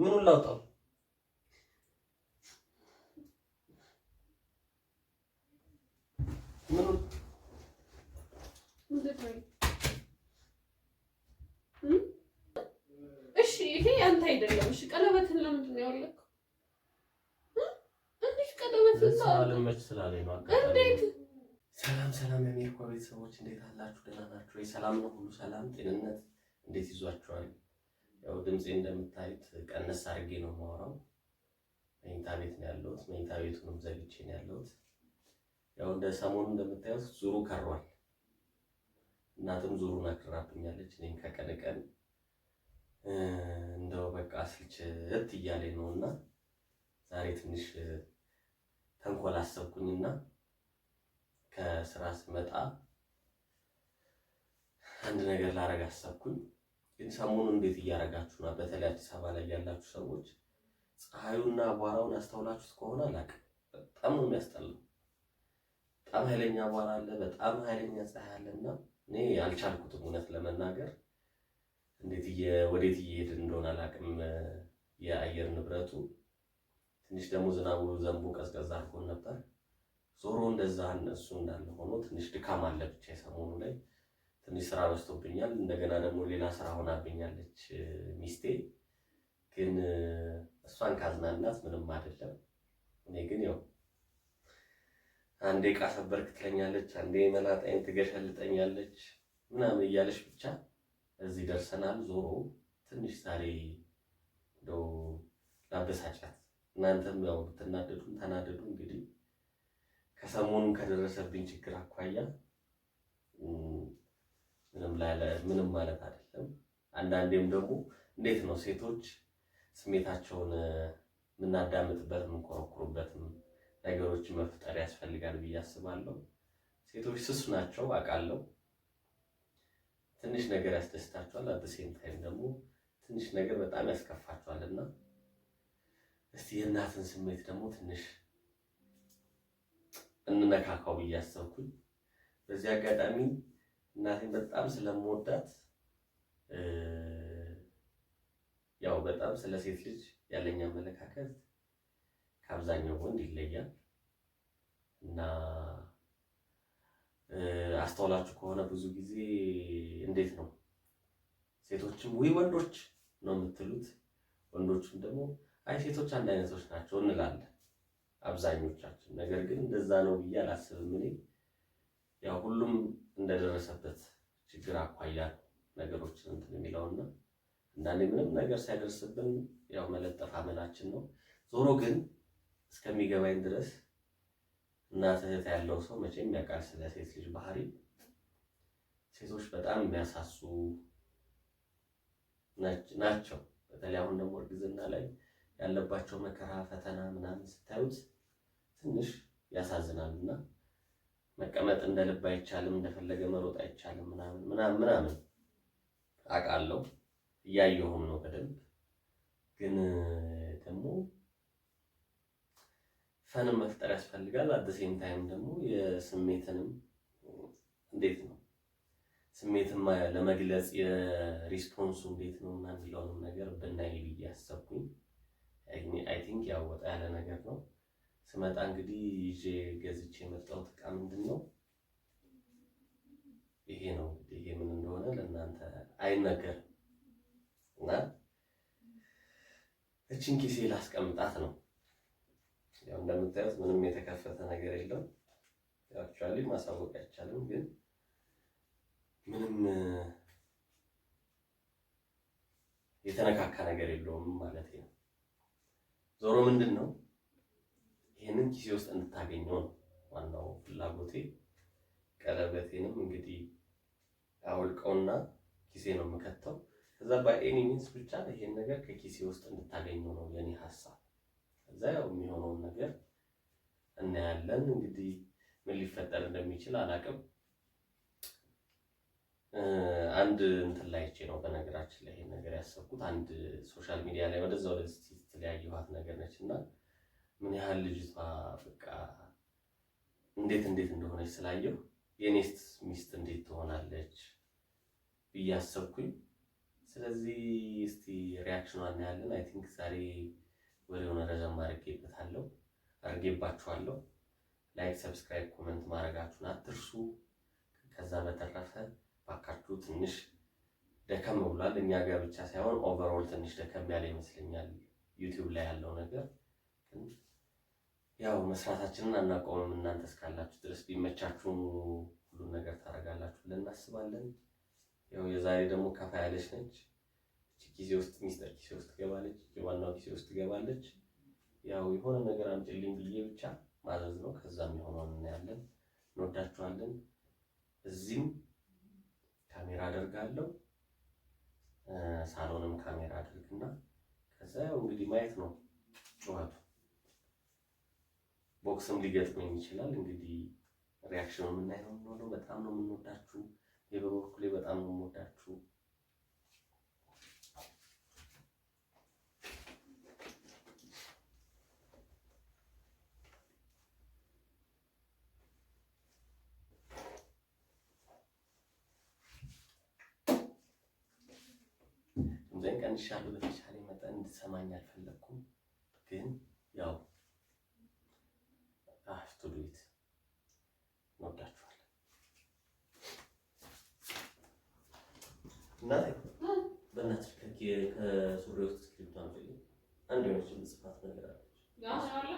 ምኑን ላውጣው? እሺ፣ ይሄ አንተ አይደለም። እሺ፣ ቀለበትን ለምንድን ነው እንዴት ቀለበት እንዴት ሰላም ሰላም፣ የሜርኮ ቤተሰቦች እንዴት አላችሁ? ደህና ናችሁ? የሰላም ነው ሁሉ ሰላም፣ ጤንነት እንዴት ይዟችኋል? ያው ድምፄ እንደምታዩት ቀነስ አድርጌ ነው የማወራው። መኝታ ቤት ነው ያለሁት። መኝታ ቤቱንም ዘግቼ ነው ያለሁት። ያው እንደ ሰሞኑ እንደምታዩት ዙሩ ከሯል። እናትም ዙሩን አክራብኛለች። እኔም ከቀን ቀን እንደው በቃ ስልችት እያለኝ ነው እና ዛሬ ትንሽ ተንኮል አሰብኩኝና ከስራ ስመጣ አንድ ነገር ላረግ አሰብኩኝ። ግን ሰሞኑን እንዴት እያደረጋችሁ ነው? በተለይ አዲስ አበባ ላይ ያላችሁ ሰዎች ፀሐዩና አቧራውን ያስተውላችሁት ከሆነ አላውቅም፣ በጣም ነው የሚያስጠላው። በጣም ኃይለኛ አቧራ አለ፣ በጣም ኃይለኛ ፀሐይ አለና እኔ አልቻልኩትም እውነት ለመናገር እንዴት ወዴት እየሄድ እንደሆነ አላውቅም። የአየር ንብረቱ ትንሽ ደግሞ ዝናቡ ዘንቦ ቀዝቀዝ አድርጎን ነበር። ዞሮ እንደዛ እነሱ እንዳለ ሆኖ ትንሽ ድካም አለ ብቻ የሰሞኑ ላይ ትንሽ ስራ በዝቶብኛል፣ እንደገና ደግሞ ሌላ ስራ ሆናብኛለች ሚስቴ። ግን እሷን ካዝናናት ምንም አይደለም። እኔ ግን ያው አንዴ ዕቃ ሰበርክ ትለኛለች፣ አንዴ መላጣይን ትገሸልጠኛለች ምናምን እያለች ብቻ እዚህ ደርሰናል። ዞሮ ትንሽ ዛሬ እንደው ላበሳጫት። እናንተም ያው ብትናደዱም ተናደዱ። እንግዲህ ከሰሞኑን ከደረሰብኝ ችግር አኳያ ምንም ላለ ምንም ማለት አይደለም። አንዳንዴም ደግሞ እንዴት ነው ሴቶች ስሜታቸውን የምናዳምጥበት የምንኮረኩሩበትም ነገሮች መፍጠር ያስፈልጋል ብዬ አስባለሁ። ሴቶች ስሱ ናቸው አውቃለሁ። ትንሽ ነገር ያስደስታቸዋል፣ አደሴም ታይም ደግሞ ትንሽ ነገር በጣም ያስከፋቸዋል። እና እስቲ የእናትን ስሜት ደግሞ ትንሽ እንነካካው ብዬ አሰብኩኝ በዚህ አጋጣሚ እናቴን በጣም ስለምወዳት ያው በጣም ስለ ሴት ልጅ ያለኝ አመለካከት ከአብዛኛው ወንድ ይለያል እና አስተውላችሁ ከሆነ ብዙ ጊዜ እንዴት ነው ሴቶችም ውይ ወንዶች ነው የምትሉት፣ ወንዶችም ደግሞ አይ ሴቶች አንድ አይነቶች ናቸው እንላለን አብዛኞቻችን። ነገር ግን እንደዛ ነው ብዬ አላስብም እኔ ያው ሁሉም እንደደረሰበት ችግር አኳያ ነገሮችን እንትን የሚለውና አንዳንዴ ምንም ነገር ሳይደርስብን ያው መለጠፍ አመላችን ነው። ዞሮ ግን እስከሚገባኝ ድረስ እናት እህት ያለው ሰው መቼም ያውቃል ስለ ሴት ልጅ ባህሪ። ሴቶች በጣም የሚያሳሱ ናቸው። በተለይ አሁን ደግሞ እርግዝና ላይ ያለባቸው መከራ፣ ፈተና ምናምን ስታዩት ትንሽ ያሳዝናልና መቀመጥ እንደ ልብ አይቻልም፣ እንደፈለገ መሮጥ አይቻልም፣ ምናምን ምናምን ምናምን አውቃለሁ። እያየሁም ነው በደንብ ግን ደግሞ ፈንም መፍጠር ያስፈልጋል። አደሴም ታይም ደግሞ የስሜትንም እንዴት ነው ስሜትም ለመግለጽ የሪስፖንሱ እንዴት ነው እና የሚለውንም ነገር ብናይ ብዬ አሰብኩኝ። አይ ቲንክ ያወጣ ያለ ነገር ነው። ስመጣ እንግዲህ ይዤ ገዝቼ የመጣሁት እቃ ምንድን ነው? ይሄ ነው እንግዲህ። ይሄ ምን እንደሆነ ለእናንተ አይነገርም እና እችን ኪሴ ላስቀምጣት ነው። ያው እንደምታዩት ምንም የተከፈተ ነገር የለም። አክቹዋሊ ማሳወቅ አይቻልም፣ ግን ምንም የተነካካ ነገር የለውም ማለት ነው። ዞሮ ምንድን ነው ይህንን ጊዜ ውስጥ እንድታገኘው ነው ዋናው ፍላጎቴ። ቀለበቴንም እንግዲህ አውልቀውና ጊዜ ነው የምከተው። ከዛ በኤኒ ሚንስ ብቻ ይሄን ነገር ከጊዜ ውስጥ እንድታገኘው ነው የኔ ሀሳብ። ከዛ ያው የሚሆነውን ነገር እናያለን። እንግዲህ ምን ሊፈጠር እንደሚችል አላቅም። አንድ እንትን ላይ ቼ ነው በነገራችን ላይ ይሄን ነገር ያሰብኩት። አንድ ሶሻል ሚዲያ ላይ ወደዛ ወደ ወደዚህ የተለያየኋት ነገር ነች እና ምን ያህል ልጅቷ በቃ እንዴት እንዴት እንደሆነች ስላየው የኔስት ሚስት እንዴት ትሆናለች ብያሰብኩኝ። ስለዚህ እስቲ ሪያክሽኗ እናያለን። አይ ቲንክ ዛሬ ወደ ሆነ ረዘም አድርጌበታለሁ አድርጌባችኋለሁ። ላይክ፣ ሰብስክራይብ፣ ኮመንት ማድረጋችሁን አትርሱ። ከዛ በተረፈ ባካችሁ ትንሽ ደከም ብሏል። እኛ ጋር ብቻ ሳይሆን ኦቨርኦል ትንሽ ደከም ያለ ይመስለኛል ዩቲዩብ ላይ ያለው ነገር ያው መስራታችንን አናቆምም። እናንተ እስካላችሁ ድረስ ቢመቻችሁ ሁሉን ነገር ታደርጋላችሁ ብለን እናስባለን። ያው የዛሬ ደግሞ ከፋ ያለች ነች። ጊዜ ውስጥ ሚስጠር ጊዜ ውስጥ ትገባለች፣ የዋናው ጊዜ ውስጥ ትገባለች። ያው የሆነ ነገር አምጪልኝ ብዬ ብቻ ማዘዝ ነው። ከዛም የሆነውን እናያለን። እንወዳችኋለን። እዚህም ካሜራ አደርጋለሁ፣ ሳሎንም ካሜራ አድርግና ከዛ ያው እንግዲህ ማየት ነው ጨዋቱ ቦክስም ሊገጥመኝ ይችላል። እንግዲህ ሪያክሽኑ የምናየው የሚሆነው። በጣም ነው የምንወዳችሁ። ይህ በበኩሌ በጣም ነው የምወዳችሁ። ዘንድ ቀንሻለሁ። በተቻለ መጠን እንድሰማኝ አልፈለግኩም ግን አንድ የሆነች ምጽፋት ነገር አለች።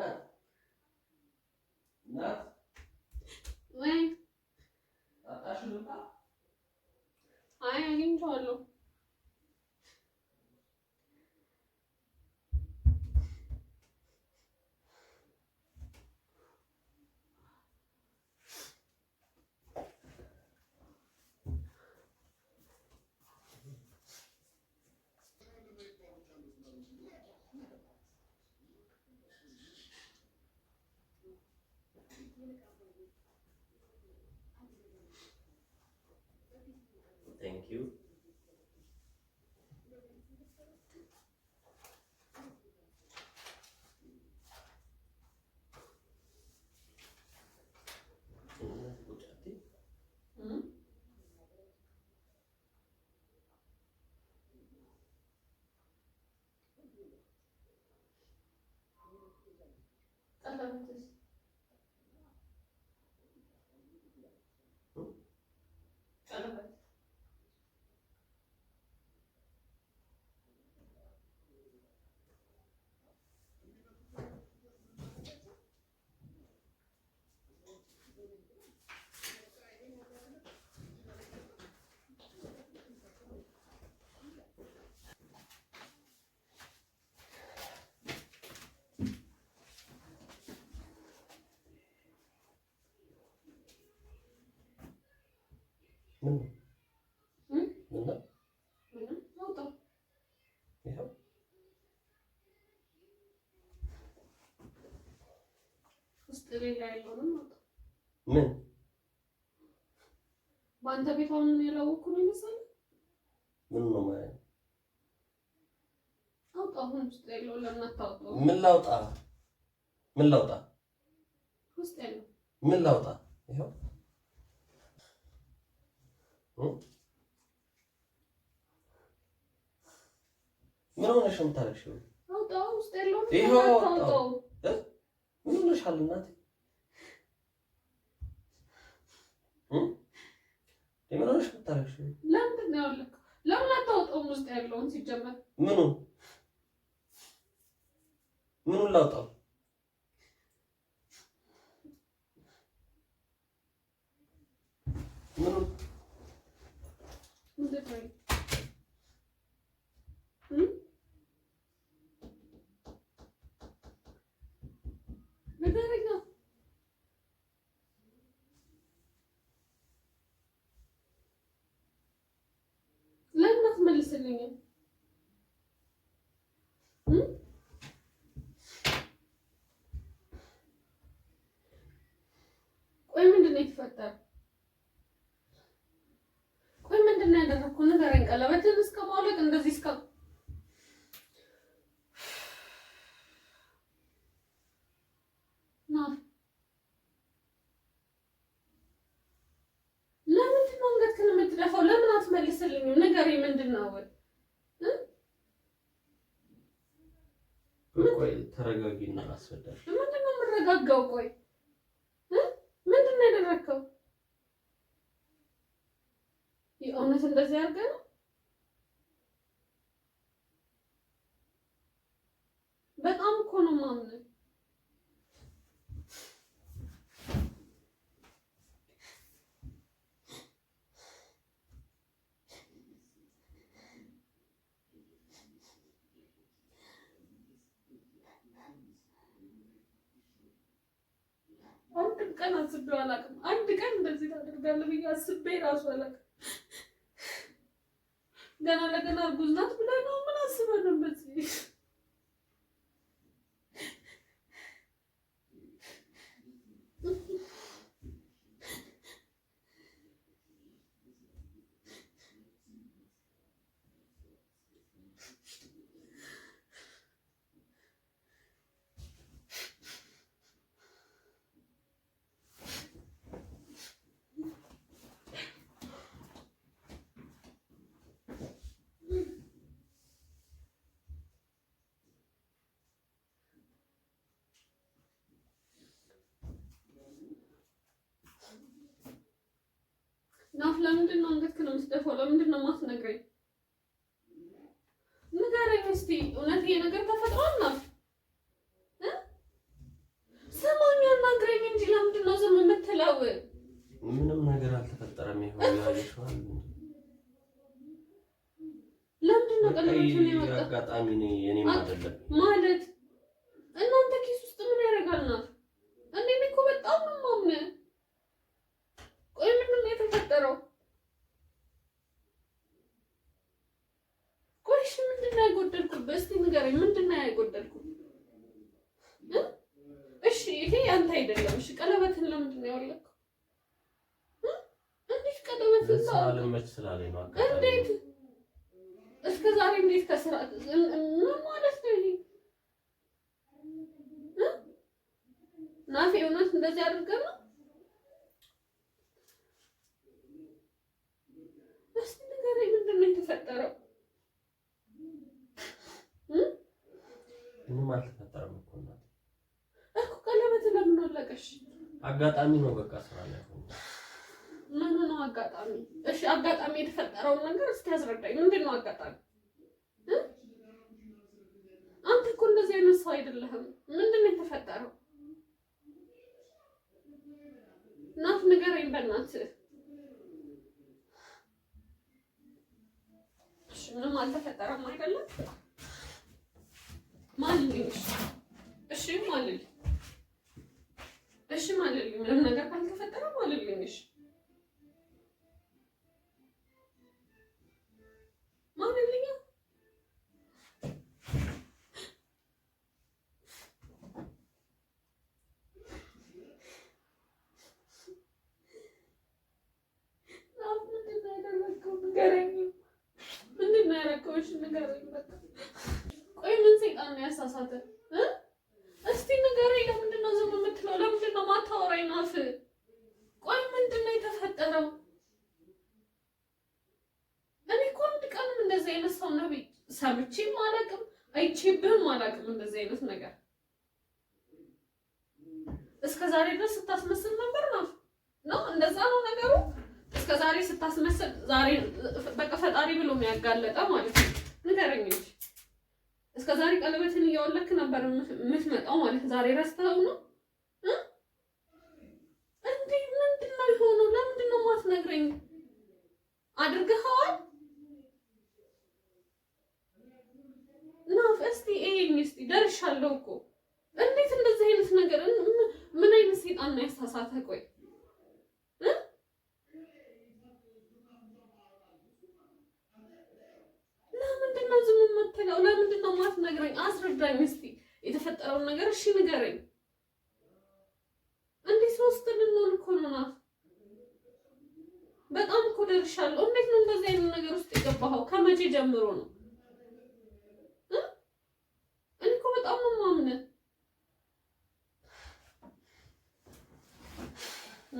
보면 just ምን በአንተ ቤት አሁን ያላወቅኩ ነው ይመስላል። ምን ነው ማለት አውጣ። አሁን ውስጥ ያለው ለምን አታወጣው? ምን ላውጣ? ምን ላውጣ? ውስጥ ያለው ምን ላውጣ? ይኸው ምን ሆነሽ ነው የምታለቅሽው? አውጣው ውስጥ ያለው ይሄው አውጣው። ምን ሆነሻል እናቴ? ምን ሆነሽ ነው የምታለቅሽው? ለምንድን ነው ያለቀው? ለምን አታወጣውም ውስጥ ያለውን? ሲጀመር ምኑ ምኑን ላውጣው? ይመስለኛል። ቆይ ምንድን ነው የተፈጠረው? ተረጋጊና ላስፈዳሽ። ምንድን ነው የምረጋጋው? ቆይ ምንድን ነው ያደረግከው? የእውነት እንደዚህ አድርገህ ነው? በጣም እኮ ነው ማምነ ቀን አስቤው አላውቅም። አንድ ቀን እንደዚህ ታደርጋለህ ብዬ አስቤ ራሱ አላውቅም። ገና ለገና እርጉዝ ናት ብለህ ነው ምን አስበህ ነው እንደዚህ ለምንድን ነው አንገትክ ነው የምትደፋው? ለምንድን ነው የማትነግረኝ? ንገረኝ እስቲ እውነት ይሄ ነገር ተፈጥሯልና ስማኝ፣ አናግረኝ እንጂ ለምንድን ነው ዝም የምትለው? ምንም ነገር አልተፈጠረም። ይሆን ለምንድን ነው ቀለበት ነው የመጣ እንዴት እስከ ዛሬ እንዴት ከስራ ማለት ነው? ይሄ ናፊ እውነት እንደዚህ አድርገን ነው ምንም አልተፈጠረም እኮ እኮ ቀለበት ለምን አለቀሽ? አጋጣሚ ነው በቃ ስራ ላይ ምን ነው አጋጣሚ? እሺ አጋጣሚ የተፈጠረውን ነገር እስኪ ያስረዳኝ። ምንድን ነው አጋጣሚ? አንተ እኮ እንደዚህ አይነት ሰው አይደለህም። ምንድን ነው የተፈጠረው? ናት ንገረኝ፣ በእናትህ። ምንም አልተፈጠረም አይደለም? ማልልኝ። እሺ ማልልኝ። እሺ ማልልኝ። ምንም ነገር ካልተፈጠረ ማልልኝ። እሺ ቆይ ምን ሰይጣን ነው ያሳሳተ? እስቲ ንገረኝ። ለምንድን ነው ዝም የምትለው? ለምንድን ነው ማታወራኝ? ናፍ ቆይ ምንድን ነው የተፈጠረው? እኔ እኮ አንድ ቀንም እንደዚህ አይነት ሰው ነቢ ሰምቼም አላውቅም፣ አይቼብህም አላውቅም። እንደዚህ አይነት ነገር እስከ ዛሬ ድረስ ስታስመስል ነበር ናፍ ነው። እንደዛ ነው ነገሩ። እስከ ዛሬ ስታስመስል ዛሬ በቃ ፈጣሪ ብሎ የሚያጋለጠ ማለት ነው። ንገረኝ እንጂ እስከ ዛሬ ቀለበትን እያወለክ ነበር የምትመጣው ማለት ዛሬ ረስተኸው ነው እንዴ? ምንድን ነው የሆነው? ለምንድን ነው የማትነግረኝ? አድርገኸዋል? ናፍ እስቲ ይሄኝ እስቲ ደርሻለሁ እኮ እንዴት እንደዚህ አይነት ነገር ምን አይነት ሴጣን ነው ቆይ ለምንድን ነው ዝም የምትለው? ለምንድን ነው የማትነግረኝ? አስረዳኝ እስኪ የተፈጠረውን ነገር እሺ ንገረኝ። እንዴ ሶስት ልንሆን እኮ ነው ናት። በጣም እኮ ደርሻለሁ። እንዴት ነው እንደዚህ አይነት ነገር ውስጥ የገባኸው? ከመቼ ጀምሮ ነው? እኔ እኮ በጣም ነው የማምንህ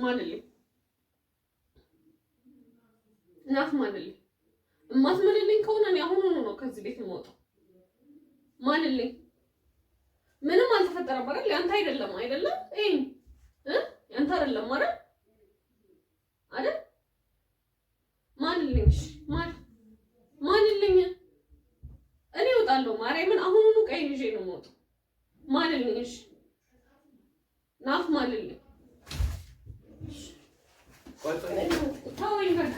ማንልኝ ናት ማንልኝ እማትምልልኝ ከሆነ እኔ አሁን ከዚህ ቤት የምወጣው ማንልኝ? ምንም አልተፈጠረም አይደል? ያንተ አይደለም አይደለም? እይ ያንተ አይደለም ማለት አይደል? ማንልኝ? ማን ማንልኝ? እኔ እወጣለሁ። ማርያምን አሁኑኑ ቀይ ይዤ ነው የምወጣው። ማንልኝ? ናፍ ማንልኝ? ቆይ ተወኝ በቃ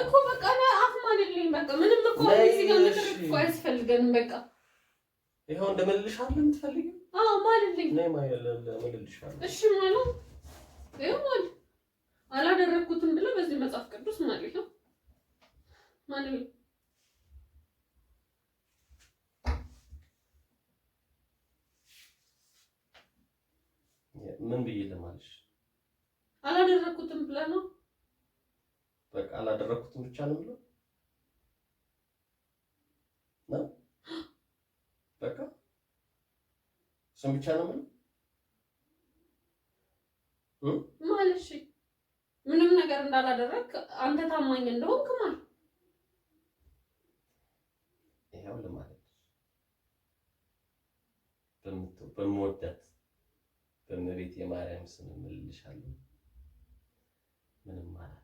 እኮ በቃ ለአፍ በቃ ምንም እኮ አያስፈልገንም። በቃ ይኸው እንደመልሻለሁ የምትፈልጊው አዎ እሺ ይኸው አላደረግኩትም ብለህ በዚህ መጽሐፍ ቅዱስ ማለት ነው ማለት ነው ምን ብዬ ለማለሽ አላደረግኩትም ብለህ ነው በቃ አላደረኩትም ብቻ ነው ብሎ ነው በቃ እሱም ብቻ ነው ብሎ ማለት እሺ፣ ምንም ነገር እንዳላደረግ አንተ ታማኝ እንደሆንክ ማለት ይሄው ለማለት በምወዳት በእመቤቴ የማርያም ስም እምልልሻለሁ ምንም ማለት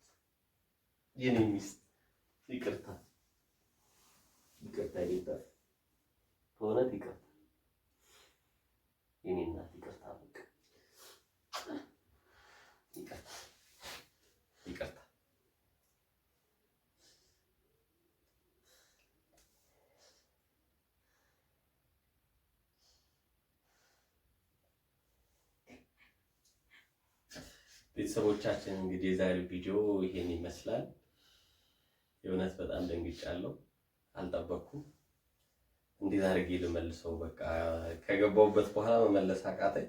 የኔ ሚስት ይቅርታ፣ ይቅርታ፣ ይቅርታ፣ በእውነት ይቅርታ፣ የኔ እናት ይቅርታ፣ ይቅርታ፣ ይቅርታ። ቤተሰቦቻችን እንግዲህ የዛሬ ቪዲዮ ይሄን ይመስላል። የእውነት በጣም ደንግጫለሁ። አልጠበቅኩም። እንዴት አድርጌ ልመልሰው? በቃ ከገባሁበት በኋላ መመለስ አቃተኝ።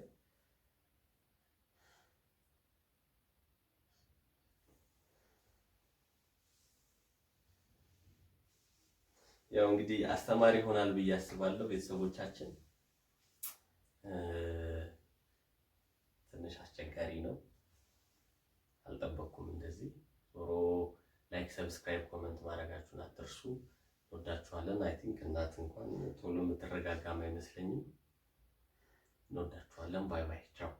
ያው እንግዲህ አስተማሪ ይሆናል ብዬ አስባለሁ። ቤተሰቦቻችን ትንሽ አስቸጋሪ ነው። አልጠበቅኩም እንደዚህ ዞሮ ላይክ፣ ሰብስክራይብ፣ ኮመንት ማድረጋችሁን አትርሱ። እንወዳችኋለን። አይ ቲንክ እናት እንኳን ቶሎ የምትረጋጋም አይመስለኝም። እንወዳችኋለን። ባይ ባይ፣ ቻው